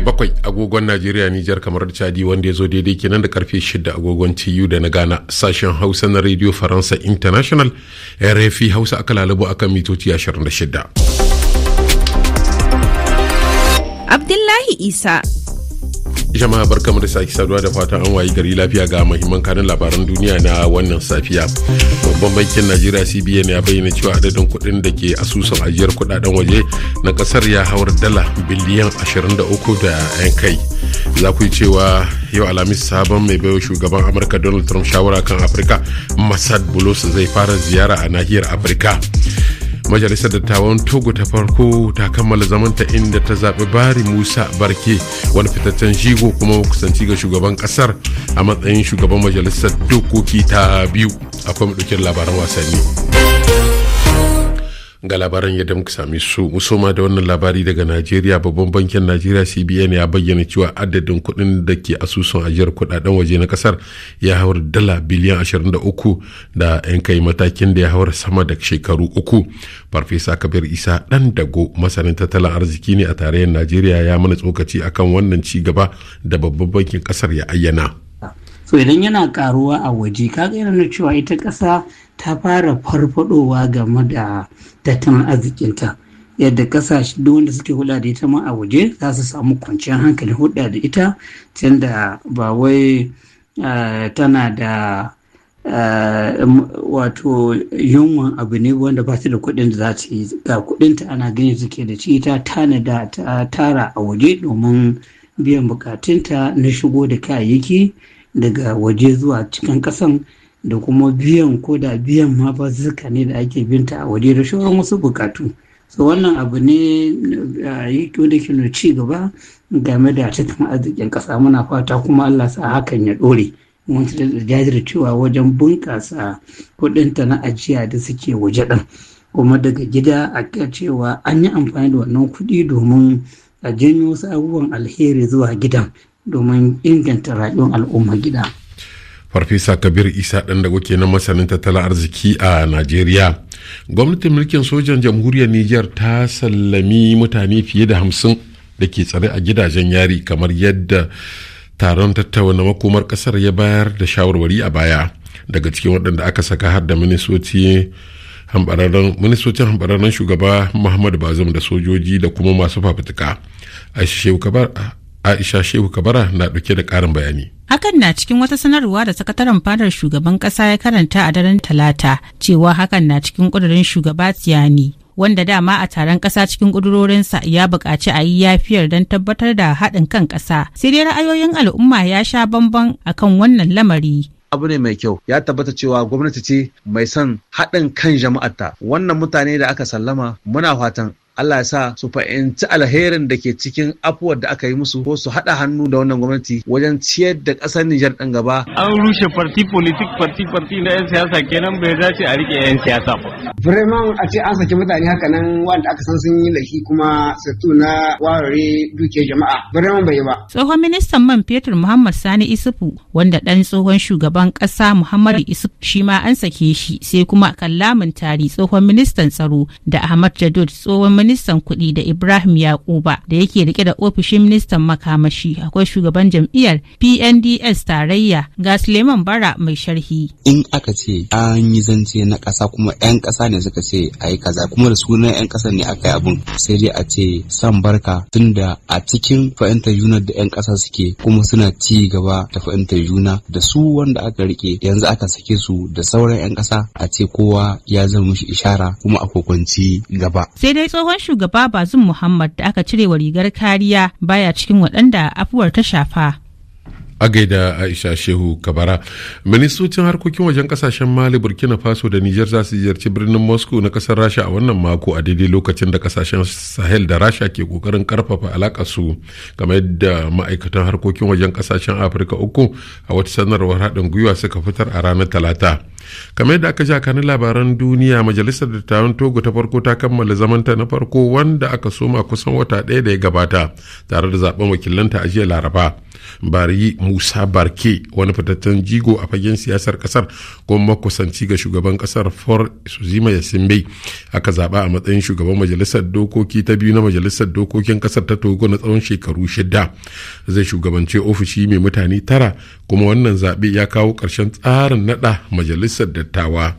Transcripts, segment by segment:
karfe 7 agogon najeriya nijar kamar chadi wanda ya zo daidai kenan da karfe 6 agogon tu da na ghana sashen hausa na radio faransa international rfi hausa aka lalubu akan mitoci 26 abdullahi isa jama'a barkamu da sake saduwa da fatan an wayi gari lafiya ga mahimman kanin labaran duniya na wannan safiya babban bankin najeriya cbn ya bayyana cewa adadin kuɗin da ke asusun ajiyar kuɗaɗen waje na ƙasar ya hawar dala biliyan 23 da 'yan kai za ku yi cewa yau alhamis sabon mai baiwa shugaban amurka donald trump shawara kan afirka masad bulos zai fara ziyara a nahiyar afirka majalisar dattawan togo ta farko ta kammala zamanta inda ta zaɓi bari musa barke wani fitaccen shigo kuma kusanci ga shugaban ƙasar a matsayin shugaban majalisar dokoki ta biyu akwai mu labaran wasanni. ga labaran yadda muka sami su ma da wannan labari daga najeriya babban bankin najeriya cbn ya bayyana cewa adadin kudin da ke asusun ajiyar kudaden waje na kasar ya hawar dala biliyan 23 da 'yan kai matakin da ya hawar sama da shekaru uku farfesa kabir isa ɗan dago masanin tattalin arziki ne a tarayyar najeriya ya mana tsokaci akan wannan ci gaba da babban bankin kasar ya ayyana so idan yana karuwa a waje kaga yana cewa ita kasa ta fara farfadowa game da tattalin arzikinta yadda kasashe duk wanda suke hula da ita ma a waje za su samu kwanciyar hankali hulɗa da ita tunda ba wai tana da wato yunwan abu ne wanda ba su da kuɗin da za ta yi ga kuɗinta ana ganin suke da ci ta tanada ta tara a waje domin biyan bukatunta na shigo da kayayyaki daga waje zuwa cikin ƙasan da kuma biyan ko da biyan ma ba zuka ne da ake binta a waje da shauran wasu bukatu so wannan abu ne wanda ke ci gaba game da tattalin arzikin ƙasa muna fata kuma allah sa hakan ya ɗore mun da jajircewa wajen bunƙasa kuɗinta na ajiya da suke waje ɗin kuma daga gida a cewa an yi amfani da wannan kuɗi domin a janyo wasu abubuwan alheri zuwa gidan domin inganta rayuwar al'umma gida. farfesa kabir isa ɗan da dago na masanin tattalin arziki a najeriya gwamnatin mulkin sojan jamhuriyar niger ta sallami mutane fiye da hamsin da ke tsare a gidajen yari kamar yadda taron tattauna makomar kasar ya bayar da shawarwari a baya daga cikin waɗanda aka saka har da ministocin hambararren shugaba muhammad bazum da sojoji da kuma masu fafutuka a aisha shehu kabara na ɗauke da ƙarin bayani Hakan na cikin wata sanarwa da sakataren fadar shugaban ƙasa ya karanta a daren talata cewa hakan na cikin ƙudurin shugaba Tiani. Wanda dama a taron ƙasa cikin ƙudurorinsa ya buƙaci a yi yafiyar don tabbatar da haɗin kan ƙasa. Sai dai ra'ayoyin al'umma ya sha bamban akan wannan lamari. abu ne mai kyau ya tabbata cewa gwamnati ce mai son haɗin kan jama'arta wannan mutane da aka sallama muna fatan Allah ya sa su fahimci alherin da ke cikin afuwar da aka yi musu ko su haɗa hannu da wannan gwamnati wajen ciyar da ƙasar Nijar ɗan gaba. An rushe parti politik parti parti na 'yan siyasa kenan bai dace a rike 'yan siyasa ba. Vraiment a ce an saki mutane haka nan wanda aka san sun yi laifi kuma sattu na warare duke jama'a. Vraiment bai yi ba. Tsohon ministan man fetur Muhammad Sani Isufu wanda ɗan tsohon shugaban ƙasa Muhammadu Isufu shi ma an sake shi sai kuma kan lamun tari tsohon ministan tsaro da Ahmad Jadot tsohon ministan kuɗi da Ibrahim Yakuba da yake rike da ofishin ministan makamashi akwai shugaban jam'iyyar PNDS tarayya ga Suleiman Bara mai sharhi. In aka ce an yi zance na ƙasa kuma 'yan ƙasa ne suka ce a yi kaza kuma da sunan 'yan ƙasa ne aka yi abin sai dai a ce san barka tunda a cikin fahimtar juna da 'yan ƙasa suke kuma suna ci gaba da fahimtar juna da su wanda aka rike yanzu aka sake su da sauran 'yan ƙasa a ce kowa ya zama mishi ishara kuma a kokonci gaba. Sai dai tsohon tsohon shugaba bazum muhammad da aka cire wa rigar kariya baya cikin waɗanda afuwar ta shafa a gaida aisha shehu kabara ministocin harkokin wajen kasashen mali burkina faso da niger za su ziyarci birnin moscow na kasar rasha a wannan mako a daidai lokacin da kasashen sahel da rasha ke kokarin karfafa su kamar yadda ma'aikatan harkokin wajen kasashen afirka uku a wata sanarwar haɗin gwiwa suka fitar a ranar talata kamar yadda aka sha kanin labaran duniya majalisar dattawan togo ta farko ta kammala zamanta na farko wanda aka soma kusan wata ɗaya da ya gabata tare da zaben wakilanta a jiya laraba bari musa barke wani fitaccen jigo a fagen siyasar kasar kuma makusanci ga shugaban kasar for suzima yasimbe aka zaba a matsayin shugaban majalisar dokoki ta biyu na majalisar dokokin kasar ta togo na tsawon shekaru shida zai shugabance ofishi mai mutane tara kuma wannan zaɓe ya kawo karshen tsarin naɗa majalisar majalisar dattawa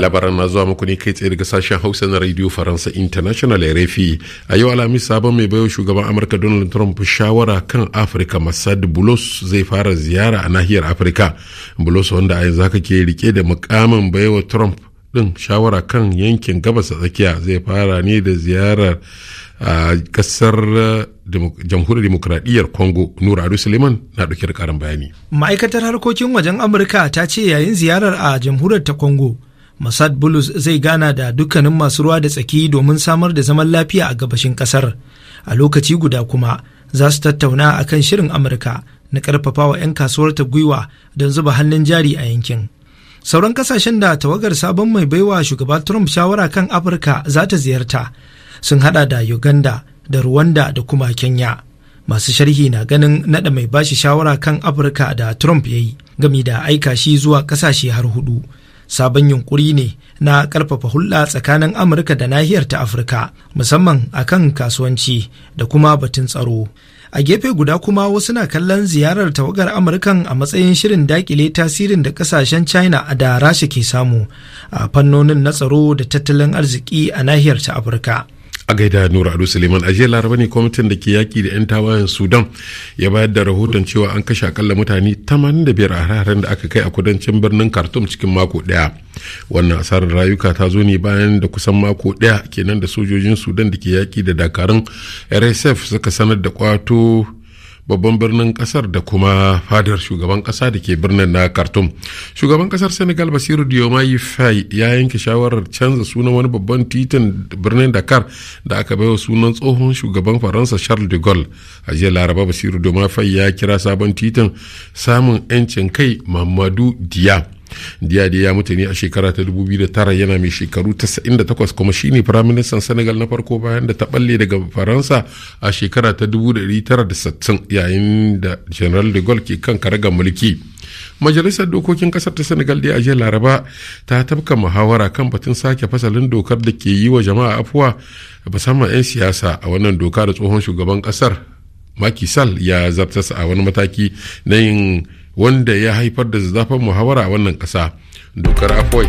labaran na zuwa muku ne kai tsaye daga sashen hausa na radio faransa international rfi a yau alhamis sabon mai baiwa shugaban amurka donald trump shawara kan afirka masad bulos zai fara ziyara a nahiyar afirka bulos wanda a yanzu haka ke rike da mukamin baiwa trump din shawara kan yankin gabas tsakiya zai fara ne da ziyarar a kasar jamhuriyar demokradiyyar congo nura adu suleiman na ɗauke da karin bayani ma'aikatar harkokin wajen amurka ta ce yayin ziyarar a jamhuriyar ta congo masad bulus zai gana da dukkanin masu ruwa da tsaki domin samar da zaman lafiya a gabashin kasar a lokaci guda kuma za su tattauna akan shirin amurka na wa 'yan kasuwar ta gwiwa don zuba hannun jari a yankin sauran kasashen da tawagar sabon mai baiwa shugaba trump shawara kan afirka za ta ziyarta sun hada da uganda da rwanda da kuma kenya masu sharhi na ganin nada mai bashi shawara kan afirka da trump ya yi gami da aika shi zuwa kasashe har hudu sabon yunkuri ne na karfafa hulɗa tsakanin amurka da nahiyar ta afirka musamman akan kasuwanci da kuma batun tsaro a gefe guda kuma wasu na kallon ziyarar tawagar amurkan a matsayin shirin dakile tasirin da kasashen china a da rasha ke samu a fannonin na tsaro da tattalin arziki a nahiyar ta afirka a gaida nura ado suleiman a jiya laraba ne kwamitin da ke yaki da 'yan tawayen sudan ya bayar da rahoton cewa an kashe akalla mutane 85 a hararen da aka kai a kudancin birnin khartoum cikin mako daya wannan asarar rayuka ta zo ne bayan da kusan mako daya kenan da sojojin sudan da ke yaki da dakarun rsf suka sanar da kwato babban birnin kasar da kuma fadar shugaban kasa da ke birnin na khartoum shugaban kasar senegal basiru diomaye faye ya yanke shawarar canza sunan wani babban titin birnin dakar da aka baiwa sunan tsohon shugaban faransa charles de gaulle a jiya laraba basiru diomaye faye ya kira sabon titin samun 'yancin kai mamadu diya diyade ya mutu ne a shekara ta 2009 yana mai shekaru 98 kuma shi ne firaministan senegal na farko bayan da ta balle daga faransa a shekara ta 1960 yayin da general de gaulle ke kan karagar mulki majalisar dokokin kasar ta senegal da a jiya laraba ta tafka muhawara kan batun sake fasalin dokar da ke yi wa jama'a afuwa musamman 'yan siyasa a wannan doka da tsohon shugaban kasar makisal ya zartasa a wani mataki na yin wanda ya haifar da zazzafan muhawara a wannan ƙasa dokar afuwai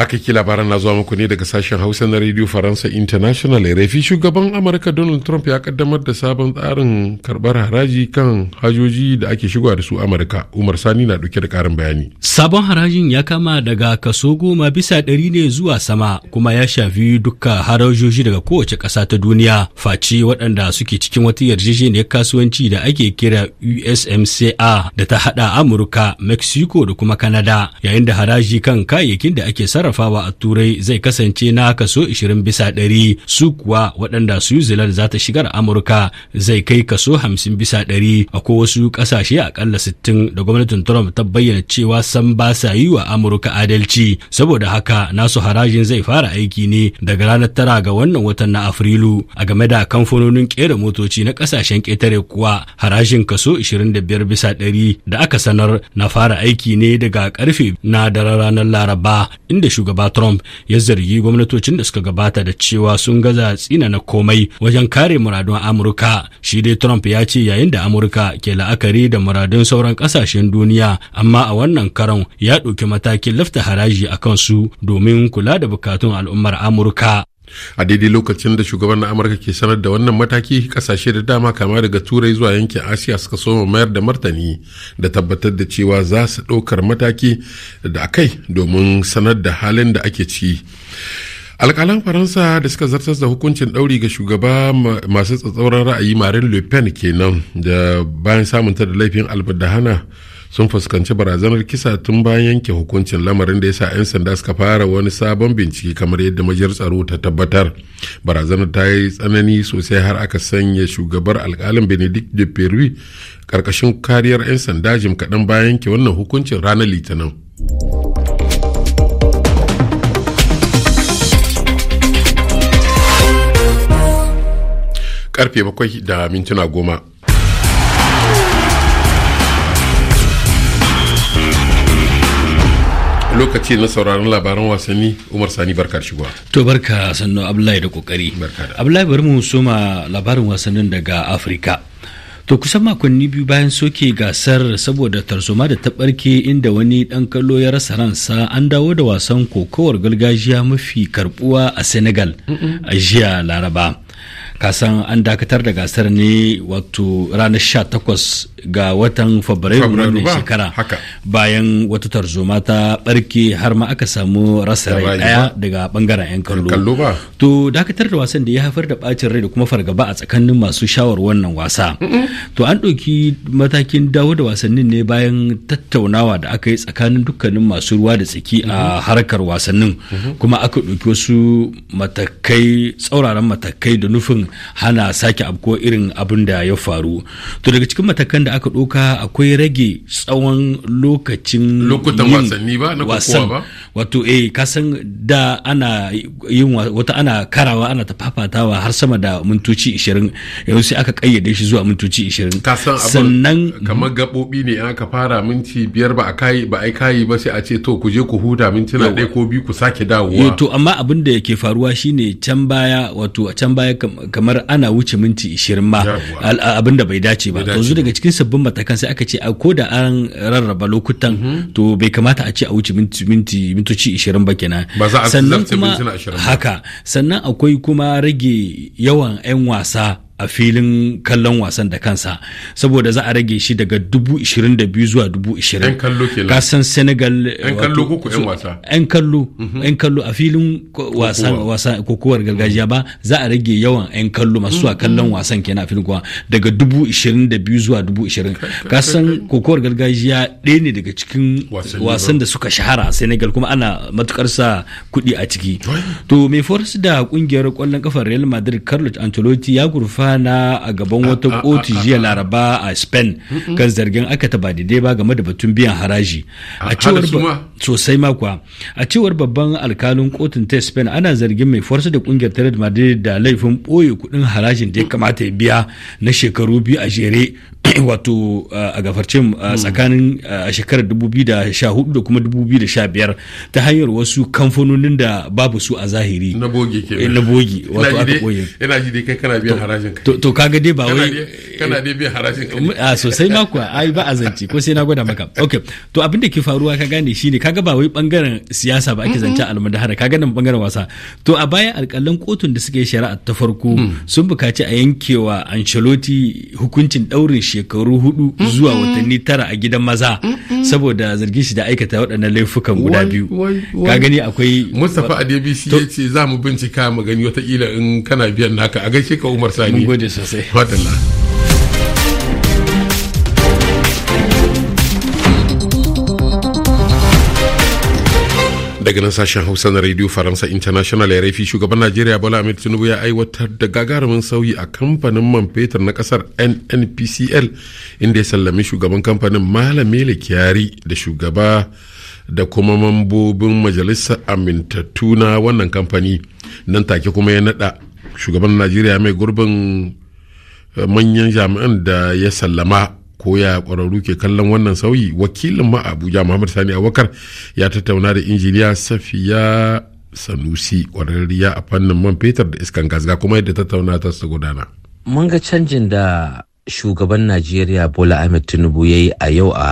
haka ke labaran na zuwa muku ne daga sashen hausa na radio faransa international rafi shugaban amurka donald trump ya kaddamar da sabon tsarin karbar haraji kan hajoji da ake shigowa da su amurka umar sani na dauke da karin bayani sabon harajin ya kama daga kaso goma bisa ɗari ne zuwa sama kuma ya shafi duka harajoji daga kowace ƙasa ta duniya face waɗanda suke cikin wata yarjejeniyar kasuwanci da ake kira usmca da ta haɗa amurka mexico da kuma kanada yayin da haraji kan kayayyakin da ake sara. sarrafawa a turai zai kasance na kaso 20 bisa ɗari su kuwa waɗanda switzerland za ta shigar amurka zai kai kaso 50 bisa ɗari akwai wasu ƙasashe aƙalla 60 da gwamnatin trump ta bayyana cewa san ba sa yi wa amurka adalci saboda haka nasu harajin zai fara aiki ne daga ranar tara ga wannan watan na afrilu a game da kamfanonin ƙera motoci na ƙasashen ƙetare kuwa harajin kaso 25 bisa ɗari da aka sanar na fara aiki ne daga ƙarfe na daren ranar laraba inda shugaba Trump ya zargi gwamnatocin da suka gabata da cewa sun gaza tsina na komai wajen kare muradun Amurka. Shi dai Trump ya ce yayin da Amurka ke la'akari da muradun sauran kasashen duniya amma a wannan karon ya ɗauki matakin lafta haraji a kansu domin kula da bukatun al'ummar Amurka. a daidai lokacin da shugaban na amurka ke sanar da wannan mataki kasashe da dama kama daga turai zuwa yankin asiya suka soma mayar da martani da tabbatar da cewa za su ɗaukar mataki da kai domin sanar da halin da ake ci alkalan faransa da suka zartas da hukuncin ɗauri ga shugaba masu tsatsauran ra'ayi marin le pen kenan da bayan samunta da laifin albadahana sun fuskanci barazanar kisa tun bayan yanke hukuncin lamarin da ya sa 'yan sanda suka fara wani sabon bincike kamar yadda majiyar tsaro ta tabbatar barazanar ta yi tsanani sosai har aka sanya shugabar alkalin benedict de peru karkashin kariyar 'yan sanda jim kaɗan bayan yanke wannan hukuncin ranar litinin karfe bakwai da mintuna goma lokaci na sauraron labaran wasanni umar sani barkar shigowa to barka sannu abdullahi da kokari abdullahi bari mu soma labarin wasannin daga afirka to kusan makonni biyu bayan soke gasar saboda tarzoma da ta barke inda wani dan kallo ya rasa ransa an dawo da wasan kokowar gargajiya mafi karbuwa a senegal a jiya laraba kasan an dakatar da gasar ne wato ranar 18 ga watan fabrairu wannan shekara bayan wata tarzoma ta barke har ma aka samu rasa rai daya daga bangaren yan kallo to dakatar da wasan da ya haifar da bacin rai da kuma fargaba a tsakanin masu shawar wannan wasa to an ɗauki matakin dawo da wasannin ne bayan tattaunawa da aka yi tsakanin dukkanin masu ruwa da tsaki a harkar wasannin kuma aka ɗauki wasu matakai tsauraran matakai da nufin hana sake abko irin abin da ya faru to daga cikin matakan da aka ɗauka akwai rage tsawon lokacin lokutan wasanni ba na wasan ba wato eh kasan da ana yin wata ana karawa ana ta fafatawa har sama da mintoci 20 yanzu sai aka kayyade shi zuwa mintoci 20 kasan sannan kamar gabobi ne aka fara minti biyar ba a kayi ba ai kayi ba sai a ce to ku je ku huta mintuna ɗaya ko biyu ku sake dawowa eh, to amma abin da yake faruwa shine can baya wato a can baya kamar ana wuce minti ishirin ma abin da bai dace ba zu daga cikin sabbin matakan sai aka ce a ko da an rarraba lokutan mhm. to bai kamata a ce a wuce minti minti mintoci ishirin ba kenan sannan kuma haka sannan akwai kuma rage yawan 'yan wasa a filin kallon wasan da kansa saboda za a rage shi daga dubu ishirin da biyu zuwa dubu ishirin kasan senegal yan kallo ko yan wasa yan kallo mhm. yan kallo a filin wasan kokowar gargajiya ba za a rage yawan yan kallo masu zuwa mhm. kallon wasan kenan a filin kowa daga dubu ishirin da biyu zuwa dubu ishirin kasan kokowar gargajiya ɗaya ne daga cikin wasan da suka shahara a senegal kuma ana matukar sa kuɗi a ciki to mai force da kungiyar kwallon kafar real madrid carlos ancelotti ya gurfa rana a gaban wata ah, ah, kotu ah, jiya laraba a spain kan zargin aka taba daidai ba game da batun biyan haraji a cewar sosai makwa a cewar babban alkalin kotun ta spain ana zargin mai farsa da kungiyar tare madrid da laifin boye kudin harajin da ya kamata ya biya na shekaru biyu a jere wato a gafarce mm. tsakanin a shekarar 2014 da kuma 2015 ta hanyar wasu kamfanonin da babu su a zahiri na bogi ke eh, na bogi wato aka boye ina ji dai kai kana biyan harajin to kaga dai ba wai kana dai bi harajin kai a sosai ma kuwa ai ba azanci ko sai na gwada maka okay to abin da ke faruwa ka gane shine kaga ba wai bangaren siyasa ba ake zance hara kaga nan bangaren wasa to a bayan alkalin kotun da suka yi shari'a ta farko mm. sun bukaci a yankewa Ancelotti hukuncin daurin shekaru hudu zuwa watanni tara a gidan maza saboda zargin shi da aikata waɗannan laifukan guda biyu ka gani akwai Mustapha Adebisi ya ce za mu bincika mu gani wata kila in kana biyan naka a gaishe ka Umar Sani mun gode sosai wadanda daga nan sashen hausa na radio faransa international ya raifi shugaban najeriya bola Amir tinubu ya aiwatar da gagarumin sauyi a kamfanin man fetur na kasar nnpcl inda ya sallami shugaban kamfanin malam mele kyari da shugaba da kuma mambobin majalisar amintattu na wannan kamfani nan take kuma ya nada shugaban najeriya mai gurbin eh, manyan jami'an da ya sallama ko ya ƙwararru ke kallon wannan sauyi wakilin ma abuja muhammad sani abubakar ya tattauna da injiniya safiya sanusi ƙwararriya a fannin man fetur da iskan gasga kuma yadda tattauna ta su gudana mun ga canjin da shugaban najeriya bola ahmed tinubu ya yi a yau a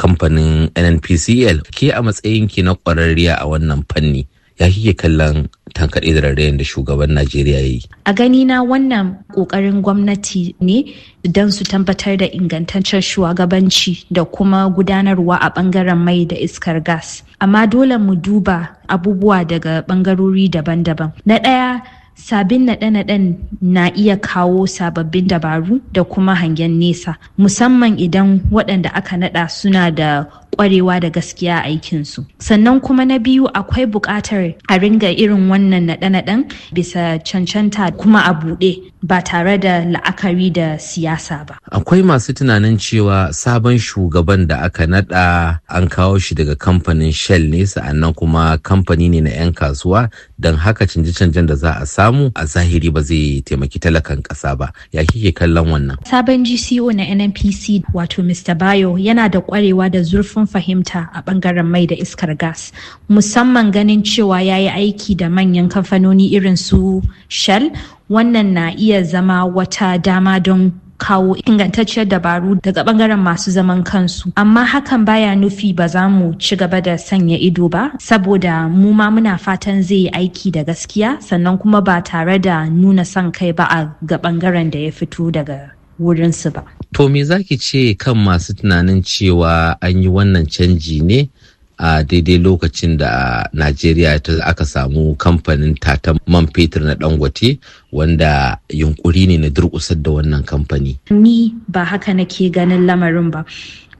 kamfanin nnpcl ke a matsayinki na ƙwararriya a wannan fanni ya kike kallon tankaɗe da rarrayen da shugaban Najeriya ya yi. A gani na wannan ƙoƙarin gwamnati ne don su tabbatar da ingantaccen shugabanci da kuma gudanarwa a ɓangaren mai da iskar gas. Amma dole mu duba abubuwa daga ɓangarori daban-daban. Na ɗaya sabin naɗe-naɗen na iya kawo sababbin dabaru da kuma hangen nesa musamman idan waɗanda aka naɗa suna da ƙwarewa da gaskiya a aikinsu sannan kuma na biyu akwai buƙatar a ringa irin wannan naɗe-naɗen bisa cancanta kuma a buɗe ba tare da la'akari da siyasa ba. Akwai masu tunanin cewa sabon shugaban da aka nada an kawo shi daga kamfanin Shell ne sa'annan kuma kamfani ne na 'yan kasuwa don haka canje-canjen da za a samu a zahiri ba zai taimaki talakan ƙasa ba. Ya kike kallon wannan? Sabon GCO e na NNPC wato Mr. Bayo yana da ƙwarewa da zurfin fahimta a bangaren mai da iskar gas musamman ganin cewa ya yi aiki da manyan kamfanoni irin su Shell wannan na iya zama wata dama don kawo ingantacciyar dabaru daga bangaren masu zaman kansu amma hakan baya nufi ba za mu ci gaba da sanya ido ba saboda mu ma muna fatan zai yi aiki da gaskiya sannan kuma ba tare da nuna son kai ba a ga bangaren da ya fito daga wurinsu ba. To me zaki ce kan masu tunanin cewa an yi wannan canji ne a daidai lokacin da a najeriya aka samu kamfanin tatan man fetur na dangote wanda yunkuri ne na durƙusar da wannan kamfani ni ba haka nake ganin lamarin ba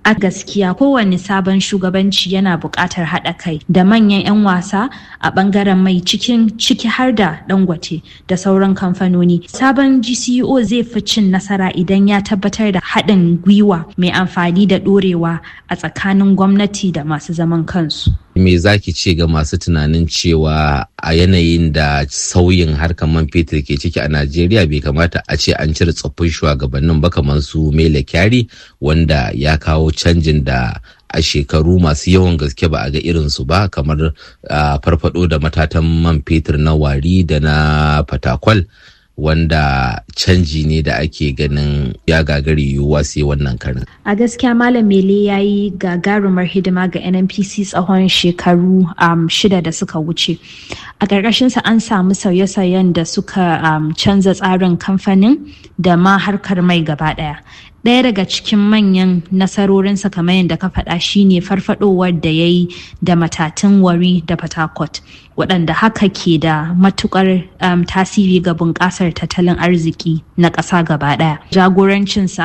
a gaskiya kowane sabon shugabanci yana buƙatar haɗa kai da manyan 'yan wasa a ɓangaren mai cikin ciki har da dangote da sauran kamfanoni sabon gco e zai fi cin nasara idan ya tabbatar da haɗin gwiwa mai amfani da ɗorewa a tsakanin gwamnati da masu zaman kansu me zaki ce ga masu tunanin cewa a yanayin da sauyin harkar man fetur ke ciki a najeriya bai kamata a ce an cire tsoffin shugabannin ba kamar su mele kyari wanda ya kawo canjin da a shekaru masu yawan gaske ba a ga irinsu ba kamar ah, farfado da matatan man fetur na wari da na fatakwal wanda canji ne da ake ganin ya gagari yiwuwa sai wannan karin. A gaskiya Malam Mele ya yi gagarumar hidima ga NNPC tsawon shekaru um, shida da suka wuce. A ƙarƙashinsa an samu sauye-sauyen da suka um, canza tsarin kamfanin da ma harkar mai gaba ɗaya. ɗaya daga cikin manyan nasarorinsa kamar yadda ka faɗa shine farfadowar da ya yi da matatun wari da patakot waɗanda haka ke da matukar um, tasiri ga bunƙasar tattalin arziki na ƙasa gaba ɗaya jagorancinsa